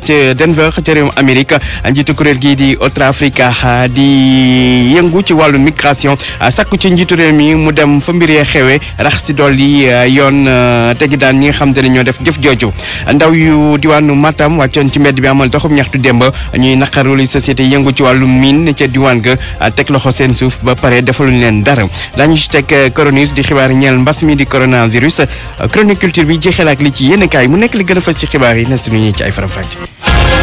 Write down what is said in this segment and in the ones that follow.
ca Denver ca réewum Amérique njiitu kuréel gii di Otra Africa ah, di yëngu ci wàllu migration ah, sakku ci njiitu réew mi mu dem fa mbir yee xewee rax si dool yi ah, yoon tegi daan ñi nga xam te ne ñoo def jëf jooju ndaw yu diwaanu Matam wàccoon ci mbedd bi amal doxub ñaxtu démb ñuy naqaru li société yëngu ci wàllu miin ca diwaan ga teg loxo seen suuf ba pare defaluñ leen dara daañu ci teg eh, coronavirus di xibaar ñeel mbas mi di coronavirus chronique culture bi jeexal ak ci a fës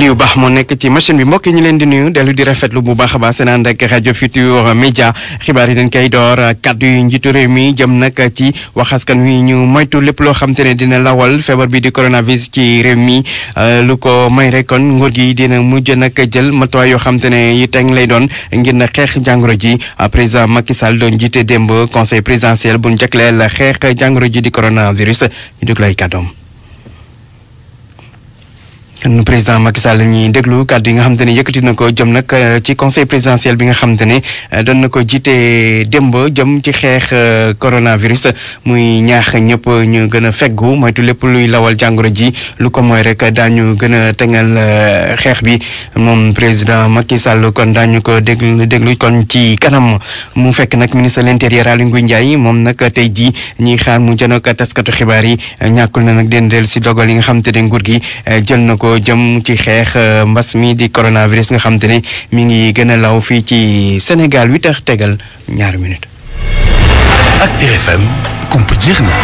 yu baax moo nekk ci machine bi mbokk yi leen di nuyu dellu di rafetlu bu baax a baax seen ànd ak rajo Futur Média xibaar yi dañ koy door kàddu yi njiitu réew mi jëm nag ci wax askan wi ñu moytu lépp loo xam ne dina lawal feebar bi di coronavirus ci réew mi euh, lu ko may rek kon nguur gi dina mujj nag jël matuwaay yoo xam ne yi teg lay doon ngir na xeex jàngoro ji euh, président Macky Sall doon jiite démb conseil présidentiel bu ñu jagleel xeex jàngoro ji di coronavirus ñu dugg lay kàddoom président Macky Sall la ñuy déglu kàddu yi nga xamante ne yëkkati na ko jëm nag euh, ci conseil présidentiel bi nga xamante ne euh, doon na ko jiite démb jëm ci xeex euh, coronavirus muy ñaax ñëpp ñu gën a feggu moytu lépp luy lawal jàngoro ji lu ko mooy rek daañu gën a tengal xeex bi moom président Macky Sall kon ñu ko déglu déglu kon ci kanam mu fekk nag ministre de l'intérieur Aly Ngouille Ndiaye moom nag tey jii ñuy xaar mu jënoog taskatu xibaar yi ñàkkul na nag den del si dogal yi nga xamante ne nguur gi jël na ko. ko jëm ci xeex euh, mbas mi di coronavirus nga xam te ne mu ngi gën a law fii ci Sénégal wi heures tegal ñaar minutes. ak RFM kump jeex na.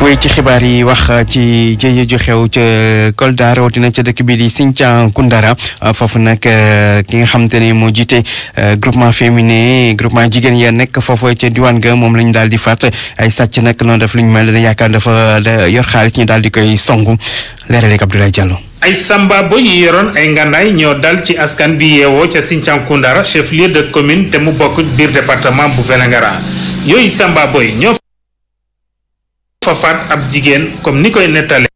wéy ci xibaar yi wax uh, ci jëye ju xew ca uh, Kolda rawatina ca dëkk bi di Sinthiang Koundara uh, foofu nag ki nga xam te ne moo jiite groupement féminin groupement jigéen ya nekk foofu ca diwaan ga moom la ñu daal di faat ay sàcc nak noonu def lu ñu mel ne yaakaar dafa yor xaalis ñu daal di koy songu leerale ak Abdoulaye Diallo. ay sambaabo yi yoroon ay ngandaay ñoo dal ci askan bi yeewoo ca Sinthiang Koundara chef lieu de commune te mu bokk biir département bu Vélingara yooyu fa faat ab jigéen comme ni koy nettalee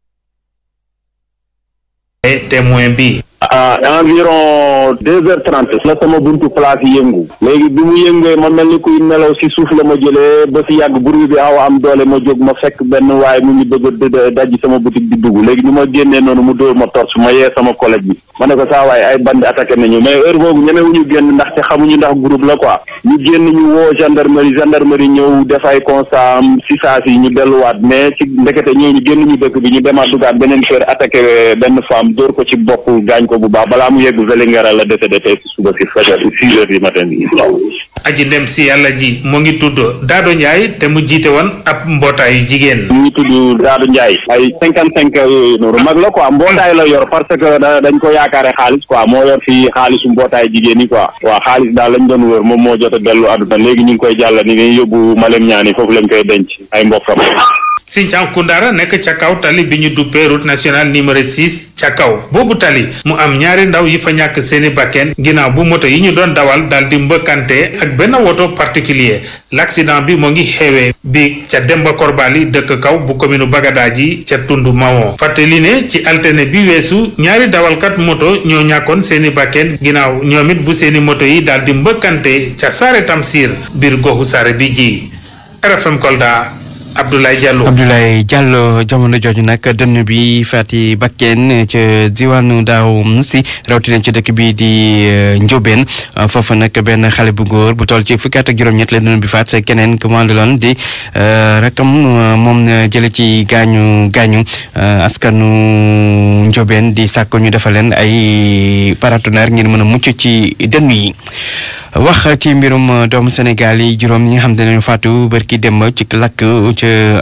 témoin bi ah environ deux heures trente la sama buntu place yëngu léegi bi mu yëngee ma mel ni kuy nelaw si suuf la ma jëlee ba si yàgg bruit bi xaw am doole ma jóg ma fekk benn waaye mu ngi bëgg a dajji sama boutique di dugg léegi ni ma génnee noonu mu dóor ma torche ma yee sama collègue bi ma ne ko saa waaye ay bandi attaqué nañu mais heure boobu ñemewuñu génn ndax ndaxte xamuñu ndax groupe la quoi ñu génn ñu woo gendarmerie gendarmerie ñëw def ay constat am si saa si ñu delluwaat mais si ndekete ñu génn ñu dëkk bi ñu demaat dugaat beneen kër attaqué benn femme dóor ko ci bopp gaañ ko bu baax balaa mu yegg Vélingara la décédé tey si suba si fajar si six heures du matin aji dem si yàlla ji mu ngi tudd Daado Ndiaye te mu jiite woon ab mbootaayu jigéen. mu ngi tudd Daado Ndiaye ay cinquante cinq yooyu noonu mag la quoi mbootaay la yor parce que dañ ko yaakaare xaalis quoi moo yor fii xaalisu mbootaay jigéen ñi quoi waaw xaalis daal lañ doon wër moom moo jot a dellu àdduna léegi ñu ngi koy jàll ni ngay yóbbu Malem ñaani foofu lañ koy denc ay mbokkam Sinthiang Koundara nekk ca kaw tali bi ñu duppee route nationale numéro 6 ca kaw boobu tali mu am ñaari ndaw yi fa ñàkk seeni bakken ginnaaw bu moto yi ñu doon dawal daal di mbëkkante ak benn woto particulier l'accident bi mu ngi xewee bi ca Demba Korbali dëkk kaw bu commune Bagadaji ca Tundu Mawon fàttali ne ci altine bi weesu ñaari dawalkat moto ñoo ñàkkoon seeni bakken ginnaaw ñoom it bu seeni moto yi daal di mbëkkante ca Saare Tamsir biir goxu Saare bi ji Abdoulaye Diallo Abdoulaye Diallo jamono jooju nag dënn bi faati bakken ca diwaanu daaw si rawatina ci dëkk bi di eh, Ndiobène eh, foofu nag benn xale bu góor bu toll ci fukki at ak la dënn bi faat keneen ku mu àndaloon di eh, rakam moom jële ci gaañu gaañu askanu Ndiobène di sàkk ñu defal leen ay paratonnerre ngir mën a mucc ci dënn yi. wax ci mbirum doomu Sénégal yi juróom ñi nga xam ne faatu barki dem ci lakk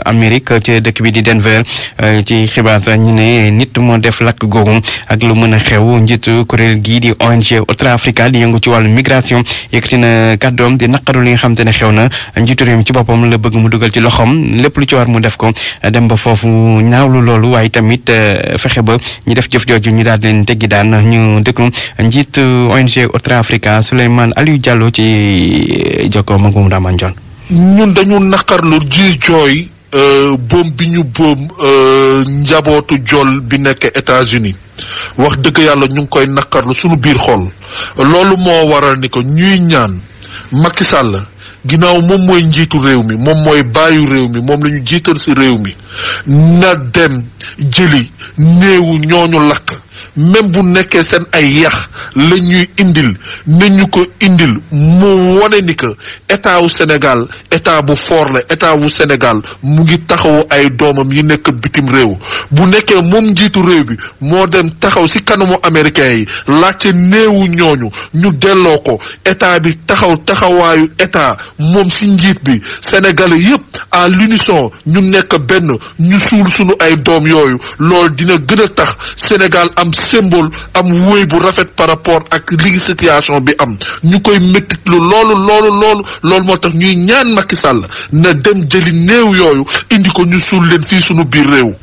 amerique Amérique dëkk bi di Denver eh, ci xibaar sax ñu ne nit moo def lakk googu ak lu mën a xew njiitu kuréel gii di ONG Otra Africa di yëngu ci wàllu migration yëkkati na kàddoom di naqaru li nga xam te ne xew na njiitu réew mi ci boppam la bëgg mu dugal ci loxoom lépp lu ci war mu def ko dem ba foofu ñaawlu loolu waaye tamit eh, fexe ba ñu def jëf jooju ñu daal di leen teggi daan ñu déglu njiitu ONG Otra Africa Souleymane Aliou Diallo ci eh, jokkoom ak moom Raman ñun dañu naqarlu ji jooy euh, boom bi ñu boom euh, njabootu jool bi nekk États-Unis wax dëgg yàlla ñu ngi koy naqarlu suñu biir xol loolu moo waral ni ko ñuy ñaan Macky Sall ginnaaw moom mooy njiitu réew mi moom mooy bàyyu réew mi moom la ñu jiital ci réew mi na dem jëli néewu ñooñu lakk même bu nekkee seen ay yax la ñuy indil na ko indil mu wane ni que état wu Sénégal état bu fort la état wu Sénégal mu ngi taxawu ay doomam yi nekk bitim réew bu nekkee moom njiitu réew bi moo dem taxaw ci kanamu américains yi laajte néewu ñooñu ñu delloo ko état bi taxaw taxawaayu état moom ci njiit bi sénégalais yépp à l'unisson ñu nekk benn ñu suul sunu ay doom yooyu loolu dina gën a tax Sénégal am symbole am woy bu rafet par rapport ak li situation bi am ñu koy méttit lu loolu loolu loolu loolu moo tax ñuy ñaan Macky Sall na dem jëli néew yooyu indi ko ñu suul leen fii sunu biir réew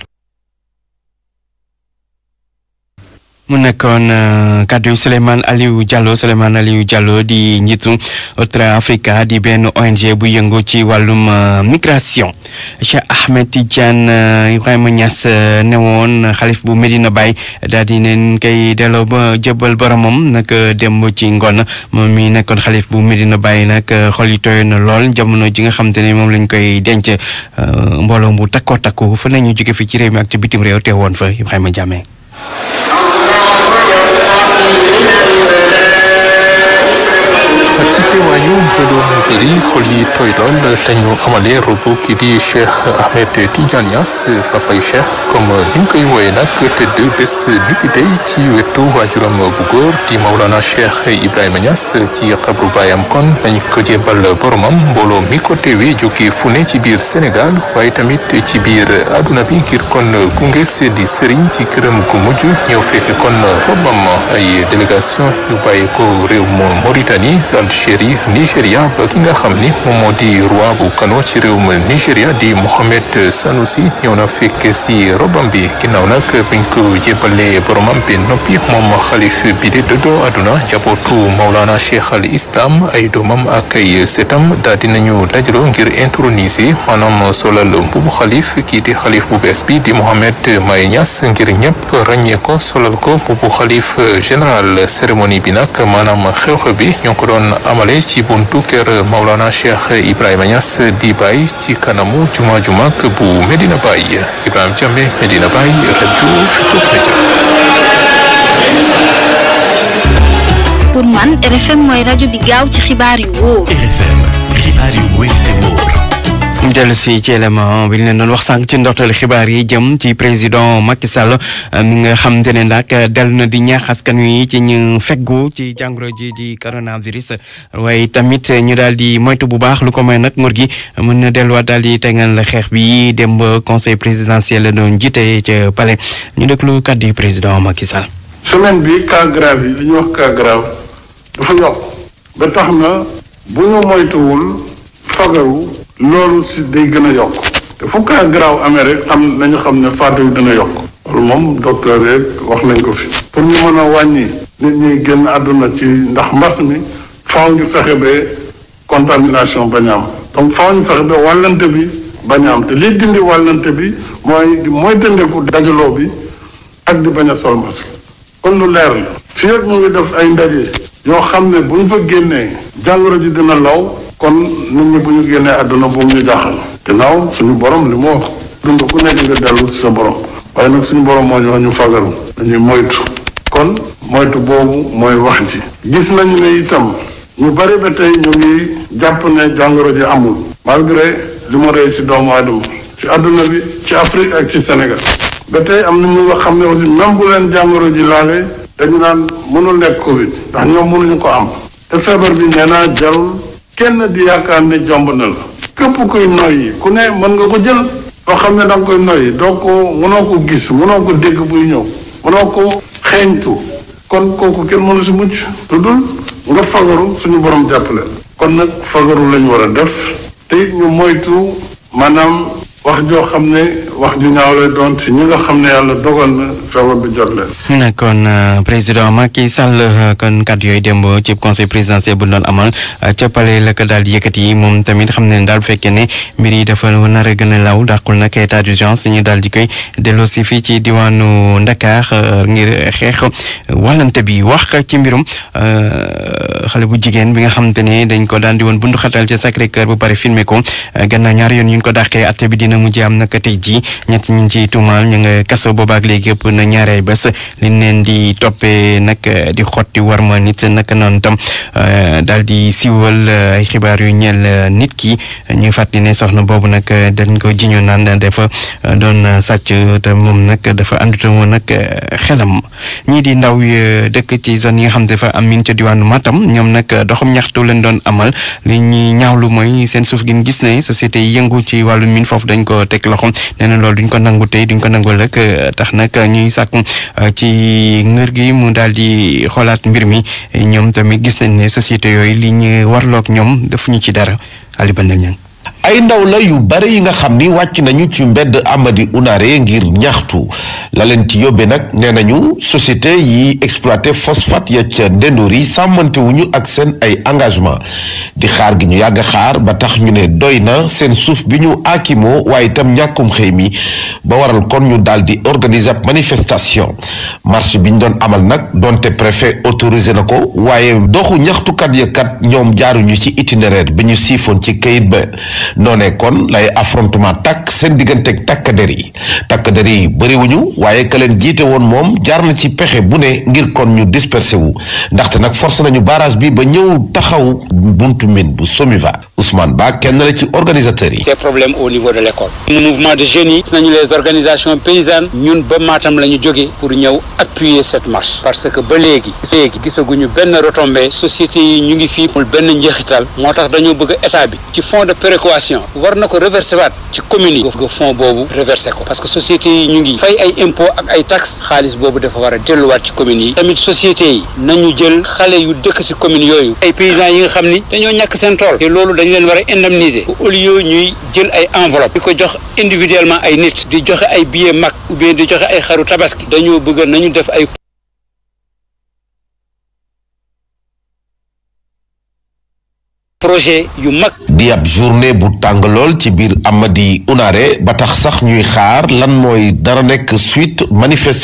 mu nekkoon euh, kàddu yi Souleymane Aliou Diallo Souleymane Aliou Diallo di njiitu Otra Africa di benn ONG bu yëngu ci wàllum euh, migration Cheikh Ahmed Tidiane euh, Ibrahima Niass newoon xalif bu Medina Baye daal di neen koy delloo ba jëbal boromam nag dem ci ngoon moom mi nekkoon xalif bu Medina Baye nag xol yi tooy na lool jamono ji nga xam ne moom lañ koy denc mbooloo bu takkoo takku fa nañu jóge fi ci réew mi ak ci bitim réew woon fa Ibrahima Diame. ak ci teewaayu mbooloo mu bëri xol yi tooy lañu amalee robo kii di Cheikh Ahmed Tidiane papay Cheikh comme ni koy wooyee nag tëdd bés ni ki tey ci wetu waajuram bu góor di Maulana Cheikh Ibrahima Niass ci xabru baayam kon dañ ko jébal boromam mbooloo mi ko teewee jóge fu ne ci biir senegal waaye tamit ci biir àdduna bi ngir kon gunge di sëriñ ci këram gu mujj ñëw fekk kon robam ay délégation yu bàyyi ko réew mu Mauritanie Cheri nga xam ni moom moo di roi bu Kano ci réew mi Nigéria di Mohamed na fekk si robam bi ginnaaw nag biñ ko jébalee boromam bi noppi moom xalif bi di dëddoo àdduna jabootu Maulana Cheikh al Islam ay doomam ak ay setam daal dinañu dajaloo ngir introniser maanaam solal mbubu xalif kii di xalif bu bees bi di Mohamed Maye Niass ngir ñëpp rañee ko solal ko mbubu xalif général cérémonie bi nag maanaam xew-xew bi ñoo ko doon amale ci buntu kër Maulana Cheikh Ibrahima Niass di Baye ci kanamu juma juma bu Medina Baye Ibrahima Diame Medina Baye rajo Futurs Médias. pour RFM mooy rajo bi gaaw ci xibaar yu wóor. ñu dellu si ci élément bi ñu leen doon wax sànq ci ndorteel xibaar yi jëm ci président Macky Sall euh, nga xam te ne euh, dellu na di ñaax askan wi ci ñu feggu ci jàngoro di coronavirus waaye tamit ñu daal di moytu bu baax lu ko may nag nguur gi mën na delluwaat daal di tegal xeex bi dem ba conseil présidentiel la doon jiite ca palais ñu déglu kàddu président Macky Sall. semaine bi cas grave yi li ñuy wax cas grave dafa yokk ba tax na bu ñu moytuwul fagaru. loolu si day gën a yokk te fu cas grave amee rek xam nañu xam ne faatu bi dina yokk loolu moom docteur yeeg wax nañ ko fi pour ñu mën a wàññi nit ñuy génn àdduna ci ndax mbas mi faaw ñu fexe ba contamination bañ am donc faaw ñu fexe ba wàllante bi bañ am te liy dindi wàllante bi mooy mooy dëndeeku dajaloo bi ak di bañ a sol masque kon lu leer la fii rek mu ngi def ay ndaje yoo xam ne bu ñu fa génnee jàngoro ji dina law kon nit ñi bu ñu génnee àdduna bu mu ñu te gannaaw suñu borom li mu wax dund ku nekk nga dellu si sa borom waaye nag suñu borom moo ñu wax ñu fagaru dañuy moytu kon moytu boobu mooy wax ji gis nañ ne itam ñu bari ba tey ñu ngi jàpp ne jàngoro ji amul malgré li ma rey si doomu aadama ci àdduna bi ci Afrique ak ci Sénégal ba tey am na ñu nga xam ne aussi même bu leen jàngoro ji laalee dañ naan mënul nekk Covid ndax ñoom mënuñu ko am te feebar bi nee kenn di yaakaar ne jomb na la képp kuy noyyi ku ne mën nga ko jël loo xam ne danga nga koy noyyi doo ko mënoo ko gis mënoo ko dégg buy ñëw mënoo ko xeeñtu kon kooku kenn mënu si mucc lu dul nga fagaru suñu borom jàppale kon nag fagaru lañu war a def te ñu moytu maanaam wax joo xam ne wax ju ñaaw lay doon si ñi nga xam ne yàlla dogal na kon euh, président Macky Sall euh, kon kàddu yooyu démb ci conseil présidentiel bu doon amal euh, ca Palais la daal di yëkkati moom tamit xam ne daal bu fekkee ne mbir yi dafa nar a gën a law dàqul nag état d'urgence ñu daal di koy delloo si fii ci diwaanu Ndakaar ngir xeex wàllante bi wax ci mbirum xale bu jigéen bi nga xam te ne dañ ko daan di woon bundu xatal ca Sacré Cœur bu pare filmé ko gannaaw ñaari yoon ñu ko dàqee atte bi dina mujj am nag tey jii. ñett ñu ngi ciy tuumaal ñu nga kaso boobaak léegi yëpp na ñaareel bés liñ leen di toppee nag di xotti war ma nit naka noonu tam euh, daal di siwal euh, ay xibaar yu ñeel euh, nit ki ñu fàttali ne soxna boobu nag dañ ko jiñu naan dafa doon sàcc te moom nag dafa àndut woon nag xelam ñii di ndaw yi dëkk ci zone yi nga xam ne dafa am min ca diwaanu Matam ñoom nag doxam ñaxtu leen doon amal li ñuy ñaawlu mooy seen suuf gi gis ne société yëngu ci wàllu min foofu dañ ko teg loxo nee loolu duñ ko nangu tey duñ ko nangu lëkk euh, tax nag ñuy sàkk euh, ci ngër gi mu daal di xoolaat mbir mi ñoom tamit gis nañ ne société yooyu li ñu warloog ñoom defuñu ci dara Ali Bandel Niang ay ndaw la yu bare yi nga xam ni wàcc nañu ci mbedd Amady Ounaré ngir ñaxtu la leen ci yóbbe nag nee nañu société yi exploité phosphate ya yi sàmmante ak seen ay engagement di xaar gi ñu yàgg xaar ba tax ñu ne doy na seen suuf bi ñu aakimoo waaye itam ñàkkum xëy mi ba waral kon ñu daal di organiser ab manifestation bi ñu doon amal nag donte préfet autorisé na ko waaye doxu ñaxtukat ya kat ñoom jaaruñu ci itinéraire bi ñu siifoon ci kayit ba noonee kon lay affrontement tàkk seen digganteeg takk der yi takk der yi bëriwuñu waaye ka leen jiite woon moom jaar na ci pexe bu ne ngir kon ñu dispersé wu ndaxte nag force nañu barrage bi ba ñëw taxaw buntu min bu Somiva Ousmane Ba kenn la ci organisateurs yi. ces problème au niveau de l'école. mouvement de jeunes yi. nañu les organisations paysannes. ñun ba Matam la ñu jógee. pour ñëw appuyer cette marche. parce que ba léegi. léegi gisaguñu benn retombée. société yi ñu ngi fii. pour benn njeexital. moo tax dañoo bëgg état bi. administration war na ko reversé waat ci commune yi nga fonds boobu reversé ko parce que société yi ñu ngi fay ay impôt ak ay taxes xaalis boobu dafa war a delluwaat ci communes yi tamit société yi nañu jël xale yu dëkk si commune yooyu ay paysans yi nga xam ni dañoo ñàkk seen tool te loolu dañu leen war a indemniser au ñuy jël ay enveloppe di ko jox individuellement ay nit di joxe ay billets mag ou bien di joxe ay xaru tabaski dañoo bëgg nañu def ay projet yu mag. di ab journée bu tàng lool ci biir Amady Unare ba tax sax ñuy xaar lan mooy dara nekk suite manifeste.